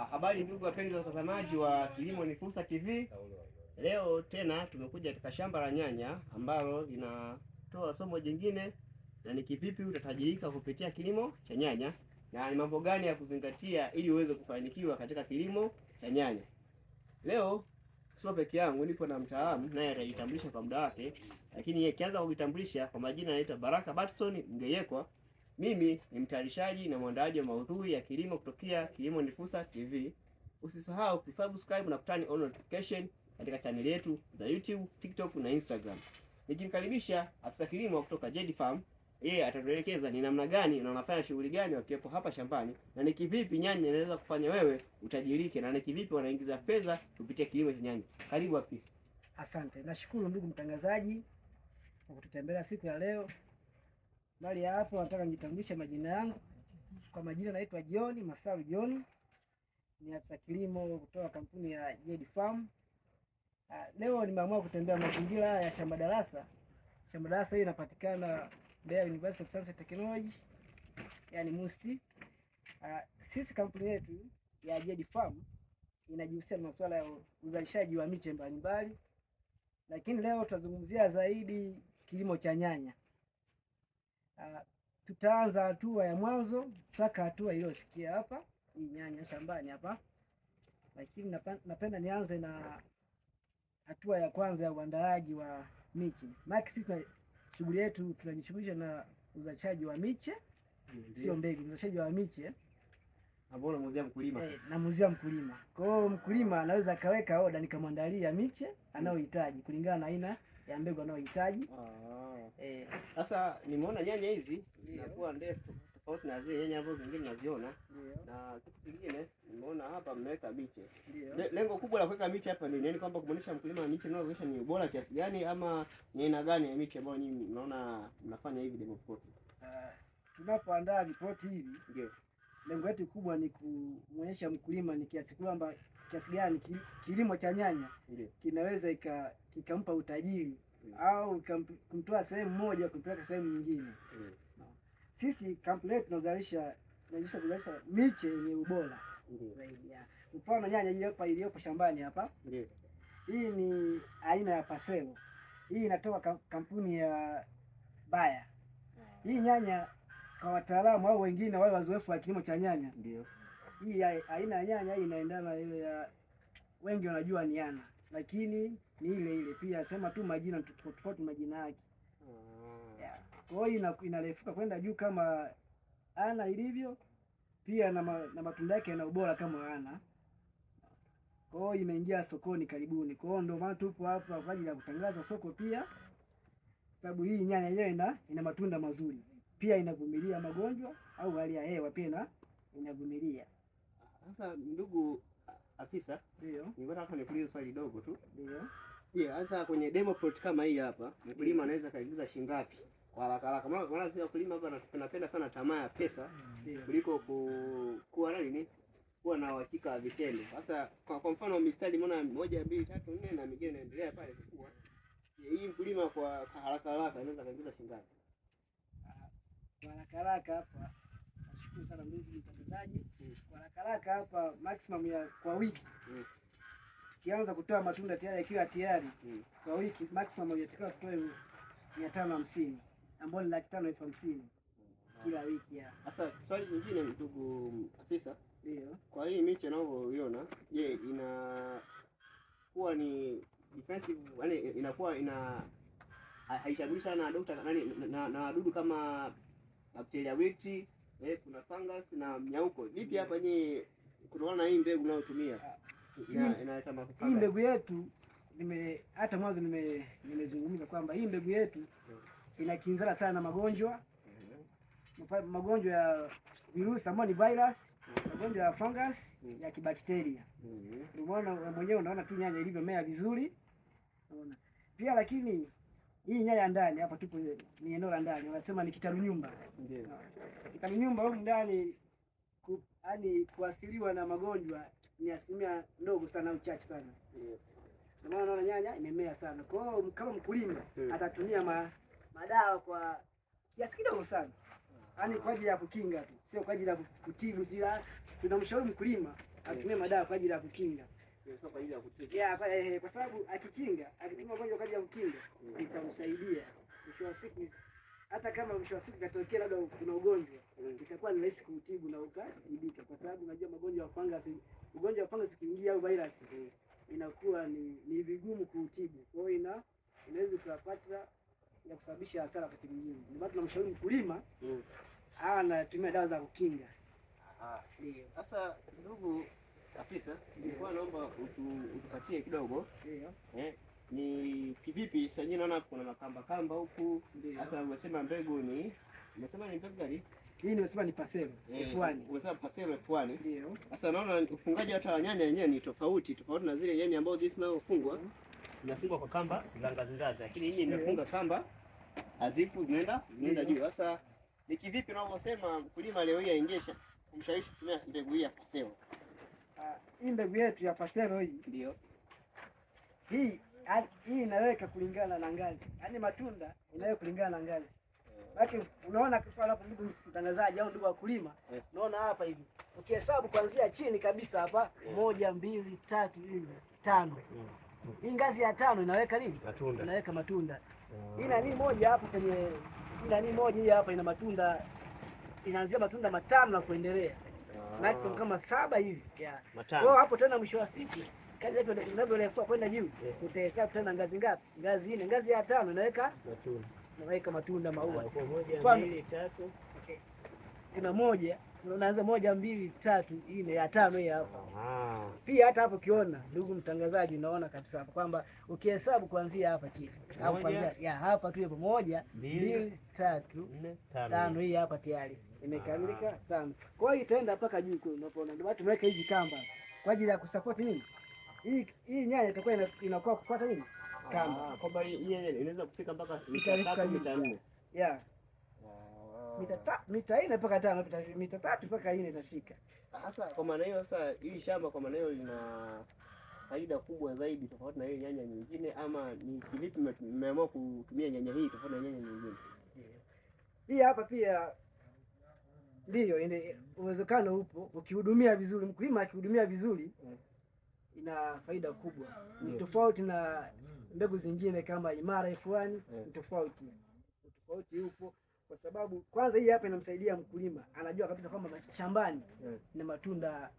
Ah, habari ndugu wapenzi wa watazamaji wa Kilimo ni Fursa TV. Leo tena tumekuja katika shamba la nyanya ambalo linatoa somo jingine, na ni kivipi utatajirika kupitia kilimo cha nyanya na ni mambo gani ya kuzingatia ili uweze kufanikiwa katika kilimo cha nyanya. Leo sio peke yangu, nipo na mtaalamu naye atajitambulisha kwa muda wake, lakini yeye kianza kujitambulisha kwa majina, anaitwa Baraka Batson Mgeyekwa mimi ni mtayarishaji na mwandaaji wa maudhui ya kilimo kutokea Kilimo ni Fursa TV. Usisahau kusubscribe na kutani on notification katika channel yetu za YouTube, TikTok na Instagram. Nikimkaribisha afisa kilimo kutoka Jedi Farm, yeye atatuelekeza ni namna gani na unafanya shughuli gani wakiwepo hapa shambani na ni kivipi nyanya inaweza kufanya wewe utajirike na ni kivipi wanaingiza pesa kupitia kilimo cha nyanya. Karibu afisa. Asante. Nashukuru ndugu mtangazaji kwa kututembelea siku ya leo. Bali ya hapo nataka nijitambulishe majina yangu. Kwa majina naitwa John Masaru John, ni afisa kilimo kutoka kampuni ya Jedi Farm. Uh, leo nimeamua kutembea mazingira ya shamba darasa. Shamba darasa hii inapatikana Mbeya University of Science and Technology, yani MUST. Uh, ah, sisi kampuni yetu ya Jedi Farm inajihusisha na masuala ya uzalishaji wa miche mbalimbali, lakini leo tutazungumzia zaidi kilimo cha nyanya. Uh, tutaanza hatua ya mwanzo mpaka hatua iliyofikia hapa hii nyanya shambani hapa, lakini napenda nianze na hatua ya kwanza ya uandaaji wa miche, maana sisi shughuli yetu tunajishughulisha na uzalishaji wa miche, sio mbegu, uzalishaji wa miche ambao mkulima. Eh, namuuzia mkulima. Kwa hiyo mkulima anaweza akaweka oda nikamwandalia miche anayohitaji kulingana na aina ya mbegu anayohitaji. Sasa ah. eh, e, nimeona nyanya hizi zinakuwa ndefu tofauti na zile nyanya ambazo zingine naziona, na kitu kingine nimeona hapa mmeweka miche. lengo kubwa la kuweka miche hapa yaani ni nini? Kwamba kumwonyesha mkulima miche mnazoweza ni bora kiasi gani, ama ni aina gani ya miche ambayo nyinyi mnaona mnafanya hivi demo plot? Uh, ah, tunapoandaa report hivi ndio lengo letu kubwa ni kumwonyesha mkulima ni kiasi kwamba kiasi gani kilimo cha nyanya kinaweza ika kikampa utajiri mm. au kumtoa sehemu moja kumpeleka sehemu nyingine mm. Sisi kampuni yetu tunazalisha tunajisa kuzalisha miche yenye ubora mm. zaidi. Mfano nyanya ile hapa iliyopo shambani hapa hii ni aina ya paselo, hii inatoka kampuni ya Baya. Hii nyanya kwa wataalamu au wengine wale wazoefu wa kilimo cha nyanya, ndio hii aina ya nyanya hii inaendana ile ya wengi wanajua ni yana lakini ni ile ile pia, sema tu majina tofauti, majina yake mm. yeah. Kwa hiyo inarefuka kwenda juu kama ana ilivyo pia na, ma, na matunda yake yana ubora kama ana. Kwa hiyo imeingia sokoni karibuni, kwa hiyo ndio maana tupo hapa kwa ajili ya kutangaza soko pia, sababu hii nyanya yenyewe ina, ina matunda mazuri pia, inavumilia magonjwa au hali ya hewa pia inavumilia. Sasa ndugu Afisa, nilikuwa nikuulize swali dogo tu. Je, sasa kwenye demo plot kama hii hapa mkulima anaweza kaingiza shilingi ngapi kwa haraka haraka? Maana kuna sisi wakulima hapa tunapenda sana tamaa ya pesa kuliko ku, kuwa nani ni kuwa na uhakika wa vitendo. Sasa kwa kwa mfano mistari mbona moja, mbili, tatu, nne na mingine inaendelea pale kukua. Hii mkulima kwa haraka haraka anaweza kaingiza shilingi ngapi? Ah, kwa haraka haraka hapa Nashukuru sana ndugu mtangazaji. Kwa haraka haraka hapa maximum ya kwa wiki mm. tukianza kutoa matunda tayari yakiwa tayari mm. kwa wiki maximum unatakiwa tutoe mia tano hamsini ambayo ni laki tano elfu hamsini kila wiki. Sasa swali jingine, ndugu afisa, ndio kwa hii miche unavyoiona, je, ina kuwa ni defensive yani inakuwa ina haishagulisha na dokta nani na wadudu kama bakteria wiki eh, kuna fungus na mnyauko vipi hapa yeah. nyinyi kutokana na hii mbegu unayotumia ah, inaleta mafaka hii mbegu yetu nime hata mwanzo nimezungumza kwamba hii mbegu yetu hmm. inakinzana sana na magonjwa hmm. magonjwa ya virusi ambayo ni virus, hmm. magonjwa ya fungus ya kibakteria. Umeona mwenyewe, unaona tu nyanya ilivyomea vizuri, unaona pia lakini hii nyaya ya ndani hapa, tupo ni eneo la ndani, wanasema ni kitalu nyumba. Ndio ah. kitalu nyumba huko ndani ku, yani kuasiliwa na magonjwa ni asilimia ndogo sana au chache sana, ndio maana naona nyanya imemea sana. Kwa hiyo kama mkulima hmm. atatumia ma, madawa kwa kiasi kidogo sana, Yaani kwa ajili ya kukinga tu, sio kwa ajili ya kutibu. Sila yaani tunamshauri mkulima hmm. atumie madawa kwa ajili ya kukinga kwa ajili ya kukinga. kwa sababu akikinga, akitumia ugonjwa kwa ajili ya kukinga mm. itamsaidia mwisho wa siku hata kama mwisho wa siku katokea labda kuna ugonjwa mm. itakuwa ni rahisi kuutibu na ukatibika, kwa sababu unajua magonjwa ya fungus, ugonjwa wa fungus ukiingia au virus mm. inakuwa ni, ni vigumu kuutibu, kwa hiyo ina inaweza ukapata ya kusababisha hasara wakati mwingine. Ndio maana tunamshauri mkulima mm. anatumia dawa za kukinga. Sasa ndugu Afisa, nilikuwa naomba utupatie kidogo eh, ni kivipi sasa? Nyinyi naona kuna makamba kamba huku, hasa umesema mbegu ni umesema ni mbegu gani? Hii nimesema ni pasero eh, F1. Umesema pasero F1. Ndio. Sasa naona ufungaji hata wa nyanya yenyewe ni tofauti tofauti na zile nyanya ambazo jinsi zinazofungwa zinafungwa mm. kwa kamba za ngazi ngazi, lakini hii imefunga kamba azifu zinaenda zinaenda juu. Sasa ni kivipi unavyosema mkulima leo hii aingesha kumshawishi kutumia mbegu hii ya pasero? Ah, hii mbegu yetu ya pasero hii ndio hii ah, hii inaweka kulingana na ngazi, yaani matunda inaweka kulingana na ngazi. Lakini eh. unaona kwa hapo, ndugu mtangazaji au ndugu wakulima, eh. unaona hapa hivi ukihesabu kuanzia chini kabisa hapa, eh. moja, mbili, tatu, nne, tano. Mm. Hii ngazi ya tano inaweka nini? Matunda. Inaweka matunda. Mm. Hii nani moja hapo kwenye hii nani moja hii hapa ina matunda, inaanzia matunda matano na kuendelea maximum kama saba hivi kwa hapo tena mwisho wa siku kadri unavyoelekea kwenda juu utahesabu tena ngazi ngapi ngazi nne ngazi ya tano naweka naweka matunda maua ah, kuna moja unaanza moja mbili tatu nne ya tano hiyo hapo. pia hata hapo ukiona ndugu mtangazaji unaona kabisa hapa kwamba ukihesabu kuanzia hapa chini au kuanzia hapa tu hapo moja mbili tatu tano hii hapa tayari imekamilika tano. Kwa hiyo itaenda mpaka juu kule unapoona, ndio watu tumeweka hizi kamba kwa ajili ya kusupport nini, hii hii nyanya itakuwa inakuwa kupata nini kamba, ah, kwamba hii nyanya inaweza kufika mpaka mita 3 mita 4. yeah mita mita nne mpaka tano mita mita tatu mpaka nne itafika. Ah, sasa kwa maana hiyo, sasa hili shamba kwa maana hiyo lina faida kubwa zaidi tofauti na ile nyanya nyingine, ama ni vipi mmeamua kutumia nyanya hii tofauti na nyanya nyingine? Hii hapa pia Ndiyo, uwezekano upo. Ukihudumia vizuri, mkulima akihudumia vizuri mm. ina faida kubwa. Ni mm. tofauti na mbegu zingine kama Imara F1, ni mm. tofauti. Tofauti upo kwa sababu kwanza hii hapa inamsaidia mkulima, anajua kabisa kwamba shambani na matunda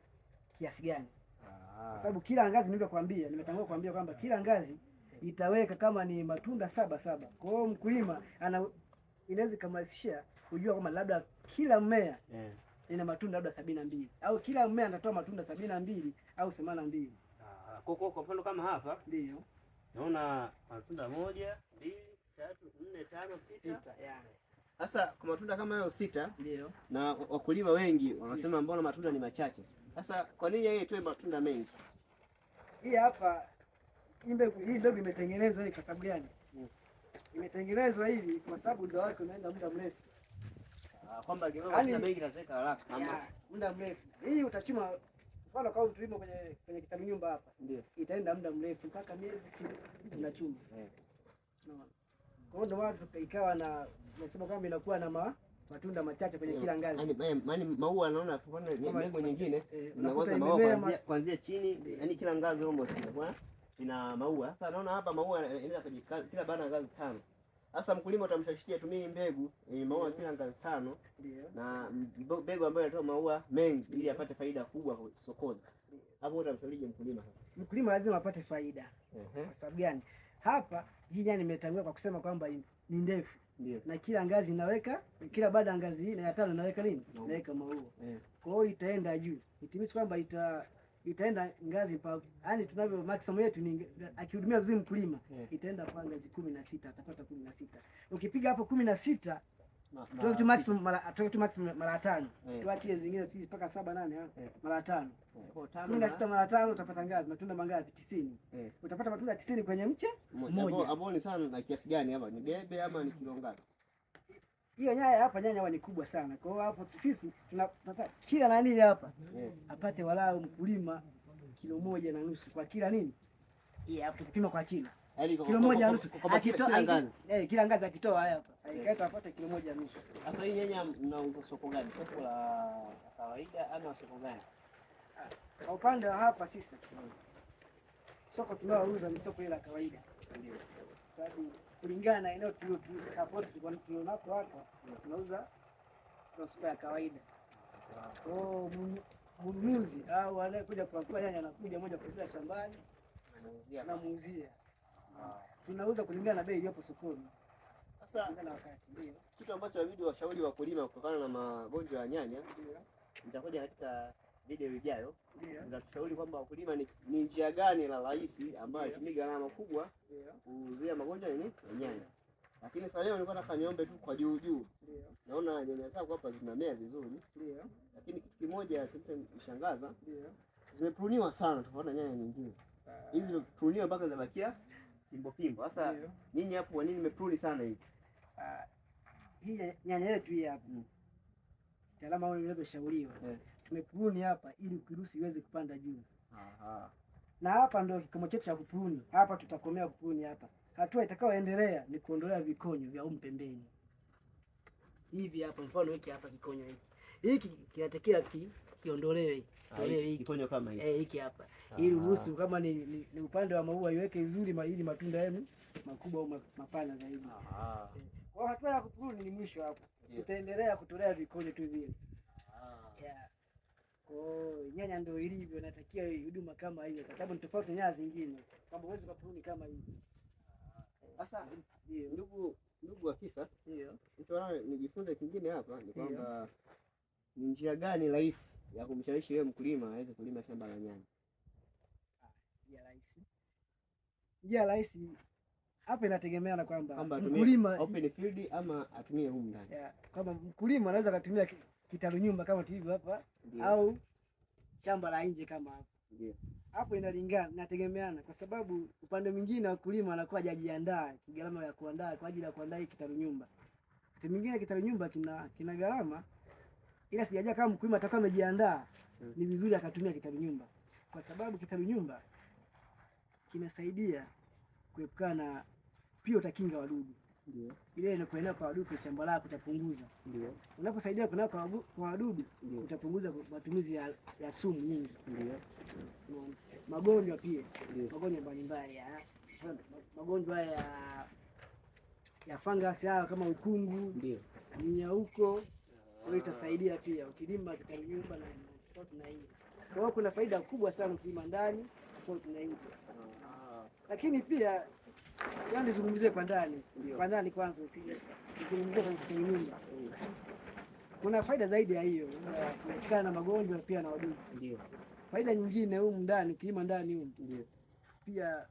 kiasi gani, ah. kwa sababu kila ngazi nilivyokuambia, nimetangulia kuambia kwamba kila ngazi itaweka kama ni matunda saba saba. Kwa hiyo mkulima ana inaweza ikamasisha kujua kama labda kila mmea yeah. ina matunda labda sabini na mbili au kila mmea anatoa matunda sabini na mbili au themanini na mbili Kwa mfano kama hapa ndio naona matunda moja, mbili, tatu, nne, tano, sita. Sasa kwa matunda kama hayo sita ndio, na wakulima wengi wanasema mbona matunda ni machache. Sasa kwa nini yeye tuwe matunda mengi? Hii hapa hii mbegu imetengenezwa kwa sababu gani? Mm. Imetengenezwa hivi kwa sababu uzao wake unaenda muda mrefu Ah, kwamba yaani- muda mrefu hii utachima. Mfano kama tulimo kwenye kwenye kitabu nyumba hapa, ndio itaenda muda mrefu mpaka miezi sita tunachuma. Kwa hiyo ndio maana ikawa na nasema kwamba inakuwa na ma matunda machache kwenye kila ngazi. Yaani, eh, yaani maua naona mbegu nyingine zinaanza eh, maua kuanzia chini, yaani kila ngazi almost inakuwa ina maua. Sasa naona hapa maua kila baada ya ngazi tano sasa mkulima utamshawishia tumie mbegu e, maua kila ngazi tano na mbegu ambayo inatoa maua mengi ili apate faida kubwa sokoni. Hapo utamshaurije mkulima sasa? Mkulima lazima apate faida. Kwa sababu gani? Hapa jina nimetangulia kwa kusema kwamba ni ndefu. Na kila ngazi inaweka kila baada ya ngazi hii na ya tano inaweka nini? Inaweka maua. Kwa hiyo itaenda juu. Itimisi kwamba ita itaenda ngazi pa yani, tunavyo maximum yetu ni akihudumia vizuri mkulima yeah. itaenda kwa ngazi kumi na sita atapata kumi na sita ukipiga hapo kumi na sita tu maximum mara tano tuachie zingine sisi mpaka saba nane mara tano kumi na sita mara tano utapata ngazi Matunda mangapi? tisini. Utapata matunda tisini kwenye mche mmoja. Ambao ni sana na kiasi gani? Hapa ni debe ama ni kilo ngapi? hiyo nyaya hapa, nyanya huwa ni kubwa sana. Kwa hiyo hapo sisi tunapata kila nani hapa yeah, apate walau mkulima kilo moja na nusu kwa kila nini, hii yeah, tukipima kwa China yaani kilo moja na nusu eh, kila ngazi akitoa haya hapa ikaeka apate kilo moja na nusu. Sasa hii nyanya mnauza soko gani? Soko la kawaida ama soko gani? Kwa upande wa hapa sisi soko tunaouza ni soko ile la kawaida. ndio sababu kulingana na eneo tulilonako hapa tunauza rospa ya kawaida. Kwa mnunuzi au anayekuja kukagua nyanya anakuja moja kwa moja shambani, namuuzia. Tunauza kulingana na bei iliyopo sokoni. Sasa kitu ambacho inabidi washauri wakulima kutokana na magonjwa ya nyanya nitakuja katika video ijayo nitakushauri kwamba wakulima ni, ni njia gani la rahisi ambayo haitumii gharama kubwa kuzuia magonjwa nini ya nyanya. Lakini sasa leo nilikuwa nataka niombe tu kwa juu juu, naona nyanya zako hapa zinamea vizuri, lakini kitu kimoja kilichonishangaza zimepruniwa sana tofauti na nyanya nyingine. Ah. Hizi zimepruniwa mpaka zinabakia fimbo fimbo. Sasa nyinyi hapo, kwa nini mmepruni sana hivi? Ah, hii nyanya yetu hii hapo, mm. mtaalamu aliyoshauriwa tumepruni hapa ili kirusi iweze kupanda juu. Aha. Na hapa ndio kikomo chetu cha kupruni. Hapa tutakomea kupruni hapa. Hatua itakayoendelea ni kuondolea vikonyo vya huko pembeni. Hivi hapa mfano hiki hapa kikonyo hiki. Hiki kinatakiwa ki kiondolewe. Tolewe ah, hiki kikonyo kama hiki. Eh, hiki hapa. Ili ruhusu kama ni, ni, ni upande wa maua iweke vizuri ma, ili matunda yenu makubwa au mapana zaidi. Aha. Kwa hatua ya kupruni ni mwisho hapo. Yeah. Tutaendelea kutolea vikonyo tu vile. Ah. Yeah. Oh, nyanya ndio ilivyo, natakiwa huduma kama hiyo, kwa sababu ni tofauti nyanya zingine, kama uwezi kapuni kama hiyo. Sasa ndugu ndugu afisa, ndio nijifunze kingine hapa ni kwamba ni njia gani rahisi ya kumshawishi yeye mkulima aweze kulima shamba la nyanya? Njia rahisi, njia rahisi hapa inategemea na kwamba mkulima open field ama atumie huko ndani, kwamba mkulima anaweza kutumia kitalu nyumba kama tulivyo hapa yeah. au shamba la nje kama hapa yeah. Hapo inalingana, inategemeana kwa sababu upande mwingine wakulima wanakuwa hajajiandaa kigharama ya kuandaa kwa ajili ya kuandaa hii kitalu nyumba. Kitu mwingine kitalu nyumba kina kina gharama, ila sijajua kama mkulima atakuwa amejiandaa hmm. Ni vizuri akatumia kitalu nyumba kwa sababu kitalu nyumba kinasaidia kuepukana na pia utakinga wadudu. Ile inakuelewa kwa wadudu kwa shamba lako utapunguza. Ndio. Unaposaidia kuna kwa wadudu utapunguza matumizi ya, ya sumu nyingi. Ndio. Magonjwa pia. Magonjwa mbalimbali ya magonjwa ya ya fangasi hayo kama ukungu. Ndio. Minyauko. Kwa itasaidia pia ukilima kitanyumba na tofauti na hiyo. Kwa hiyo kuna faida kubwa sana ukilima ndani tofauti na nje. Ah. Lakini pia Yaani nizungumzie kwa ndani kwa ndani kwanza, nizungumzie kwenye nyumba. Kuna faida zaidi ya hiyo Kukaa na magonjwa pia na wadudu. Faida nyingine huko ndani, kilima ndani huko pia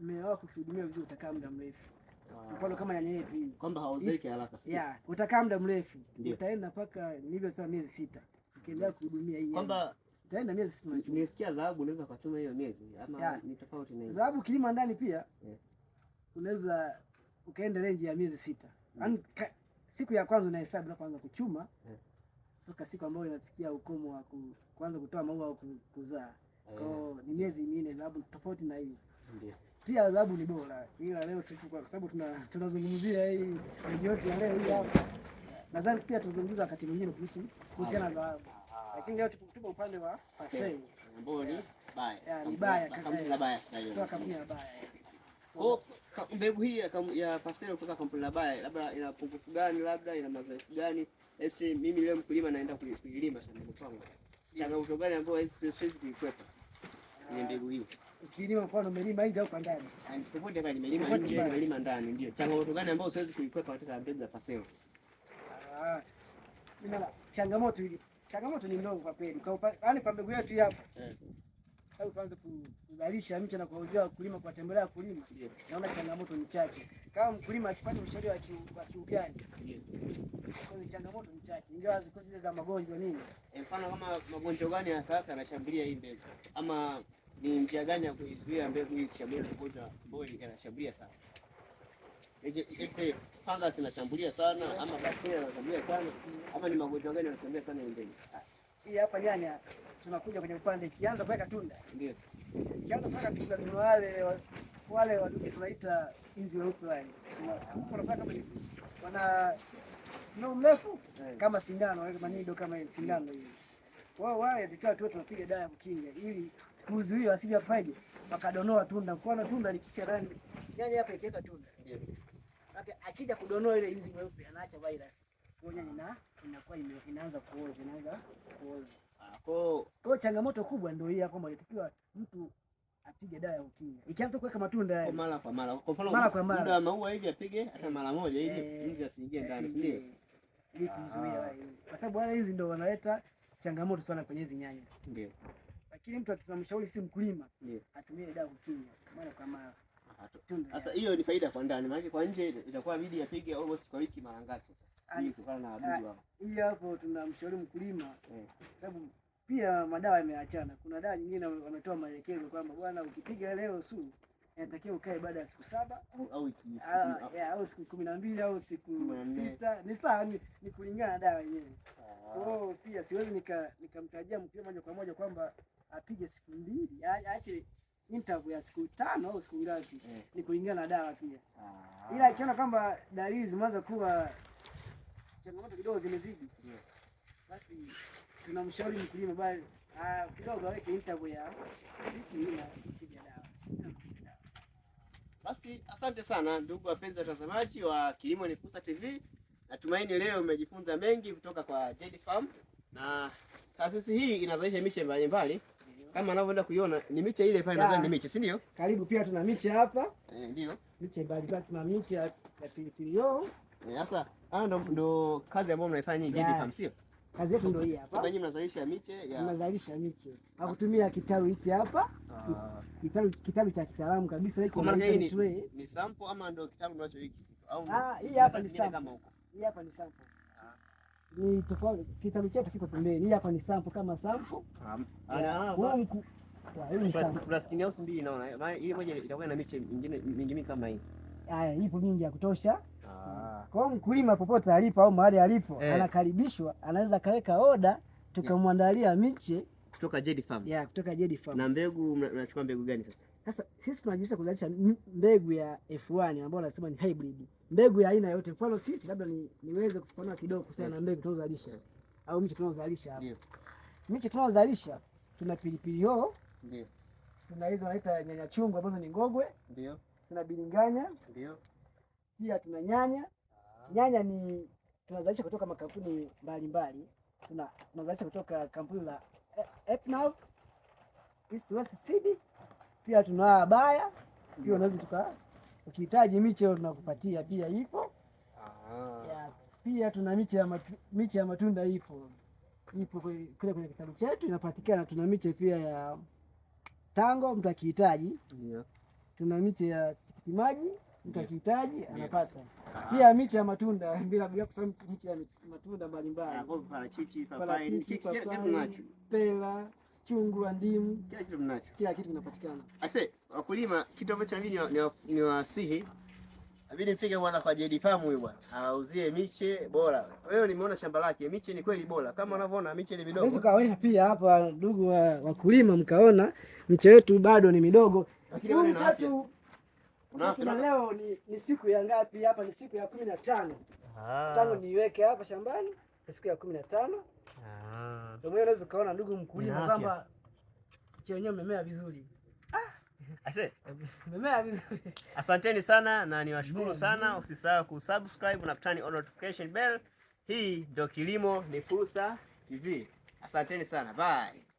mmea wako ukihudumia vizuri utakaa muda mrefu. Ah. Mfano kama yanyepi hii kwamba haozeki haraka sana. Yeah, utakaa muda mrefu. Utaenda mpaka nilivyosema miezi sita. Ukiendelea kuhudumia hii. Kwamba utaenda miezi sita. Nimesikia dhahabu unaweza kuchuma hiyo miezi ama ni tofauti na hiyo. Dhahabu kilima ndani pia. Yeah unaweza ukaenda range ya miezi sita yaani mm. Ka, siku ya kwanza unahesabu na kwanza kuchuma mm. mpaka mm. siku ambayo inafikia ukomo wa ku, kuanza kutoa maua au kuzaa eh. kwao mm. ni miezi minne. Dhahabu tofauti na hiyo mm. pia dhahabu ni bora, ila leo tuko kwa sababu tuna tunazungumzia hii renji yetu ya leo hii hapa, nadhani pia tuzungumza wakati mwingine kuhusu kuhusiana na dhahabu, lakini leo tupo upande wa pasei ambao ni baya, ni baya kabisa, baya kabisa, oh. baya mbegu hii ya pasero kutoka kampuni la Bayer, labda ina pungufu gani, labda ina madhaifu gani? Eti mimi leo mkulima naenda kuilima shambani kwangu, changamoto gani ambayo siwezi kuikwepa? Ni mbegu hii. Ukilima mfano umelima nje au kwa ndani? Popote pale nimelima nje, nimelima ndani, ndio. Changamoto gani ambayo siwezi kuikwepa katika mbegu ya pasero? Ah. Changamoto hii. Changamoto ni ndogo kwa kweli. Kwa upande yaani kwa mbegu yetu hapa. Eh tangu tuanze kuzalisha miche na kuwauzia wakulima, kuwatembelea wakulima, naona changamoto ni chache. Kama mkulima akipata ushauri wa kiugani, changamoto ni chache, ingawa ziko zile za magonjwa nini. Eh, mfano kama magonjwa gani hii mbegu, ama ni njia gani ya kuizuia mbegu hii isishambulie magonjwa ambayo yanashambulia sana? Fungus inashambulia sana ama bakteria inashambulia sana ama ni magonjwa gani yanashambulia sana mbegu? Hii hapa nyanya tunakuja kwenye upande, kianza kuweka tunda, ndio kianza kuweka tunda, ni wale wale wadudu tunaita inzi weupe wale, wana no mrefu eh. kama sindano, wale manido kama sindano hiyo. Wao wale tukiwa tu tunapiga dawa ya kukinga ili kuzuia asije afaje wakadonoa tunda. Kwa na tunda likisha rangi nyanya hapa ikiweka tunda, ndio akija kudonoa ile inzi weupe anaacha virus, kwa nyanya na inakuwa inaanza kuoza, inaanza kuoza kwa hiyo changamoto kubwa ndio hii kwamba inatakiwa mtu apige dawa ya UKIMWI. Ikianza kuweka matunda kwa mara kwa mara. Kwa mfano mara kwa mara. Muda wa maua hivi apige hata mara moja ili nzi eh, asiingie ndani, si ndio? Ili kumzuia. Ah. Kwa sababu wale hizi ndio wanaleta changamoto sana kwenye hizi nyanya. Ndio. Lakini mtu atunamshauri si mkulima, atumie dawa ya UKIMWI mara kwa mara. Ah, sasa hiyo ni faida kwa ndani, maana kwa nje itakuwa bidi apige almost kwa wiki mara ngapi sasa? Ili kutokana na wadudu ah, hapo. hii hapo tunamshauri mkulima, eh. sababu pia madawa yameachana. Kuna dawa nyingine wametoa maelekezo kwamba bwana, ukipiga leo su inatakiwa ukae baada ya siku saba au ah, siku kumi na mbili au siku sita ni saa ni kulingana na dawa yenyewe. Ah. Kwa hiyo pia siwezi nikamtajia nika mpira moja kwa moja kwamba apige siku mbili, aache interval ya siku tano au siku ngapi, eh. Ni kulingana na dawa pia, ah. ila akiona kwamba dalili zimeanza kuwa changamoto kidogo zimezidi, yeah. basi tunamshauri mkulima bali ah, kidogo aweke interview ya siku na kupiga dawa. Basi asante sana ndugu wapenzi watazamaji wa Kilimo ni Fursa TV. Natumaini leo umejifunza mengi kutoka kwa Jedi Farm na taasisi hii inazalisha miche mbalimbali kama anavyoenda kuiona ni miche ile pale, nadhani ni miche, si ndio? Karibu pia tuna miche hapa eh, ndio miche mbalimbali, tuna miche ya pilipili hoho. E, sasa ndo kazi ambayo mnaifanya Jedi Farm, sio? Kazi yetu ndio hii hapa. Kwa nini mnazalisha miche ya mnazalisha miche. kutumia kitalu hiki hapa. Ah. Kitalu kitalu cha kitaalamu kabisa hiki. Maana hii ni sample ama ndio kitalu ndio hiki? Au ah, hii hapa ni sample. Hii hapa ni sample. Ah. Ni tofauti. Kitalu chetu kiko pembeni. Hii hapa ni sample kama sample. Ana sample. skin house mbili naona. Hii moja itakuwa na miche mingine mingine kama hii. Haya, ipo mingi ya kutosha. Ah. Kwa hiyo mkulima popote alipo au mahali alipo eh, anakaribishwa, anaweza kaweka oda tukamwandalia miche kutoka Jedi Farm. Yeah, kutoka Jedi Farm. Na mbegu mnachukua mbegu gani sasa? Sasa sisi tunajihusisha kuzalisha mbegu ya F1 ambayo nasema ni hybrid. Mbegu ya aina yote. Mfano sisi labda ni, niweze kufanua kidogo kuhusiana yeah, na mbegu tunazozalisha yeah, au miche tunazozalisha hapo. Yeah. Miche tunazozalisha tuna pilipili hoho. Ndio. Yeah. Tuna hizo wanaita nyanya chungu ambazo ni ngogwe. Ndio. Yeah. Tuna bilinganya. Ndio. Yeah. Pia tuna nyanya. Ah. Nyanya ni tunazalisha kutoka makampuni mbalimbali, tuna tunazalisha kutoka kampuni la e, Epnav, East West Seed. Pia tuna baya pia unaweza tuka ukihitaji miche tunakupatia pia ipo. Ah. ya, Pia tuna miche ya matu, miche ya matunda ipo ipo kule kwenye kitabu chetu inapatikana. Tuna miche pia ya tango mtu akihitaji. Yeah. Tuna miche ya tikiti maji mtakihitaji anapata pia miche ya matunda, bila bila kusema miche ya matunda mbalimbali, parachichi, papai, pera, chungwa, ndimu, kila kitu mnacho, kila kitu kinapatikana. Ase wakulima, kitu ambacho mimi ni wasihi abidi mfike bwana kwa JD Farm huyu bwana auzie miche bora. Wewe nimeona shamba lake miche ni kweli bora, kama unavyoona miche ni midogo. Unaweza kaona pia hapa, ndugu wa wakulima, mkaona miche wetu bado ni midogo, lakini na leo ni, ni siku ya ngapi hapa? Ni siku ya kumi na tano tangu niweke hapa shambani, ni siku ya kumi na tano. Ndio maana unaweza ukaona ndugu mkulima kwamba chenyewe umemea vizuri. Ah. Ase. Mimea vizuri. Asanteni sana na niwashukuru sana, usisahau kusubscribe na kutani on notification bell. Hii ndio Kilimo ni Fursa TV. Asanteni sana. Bye.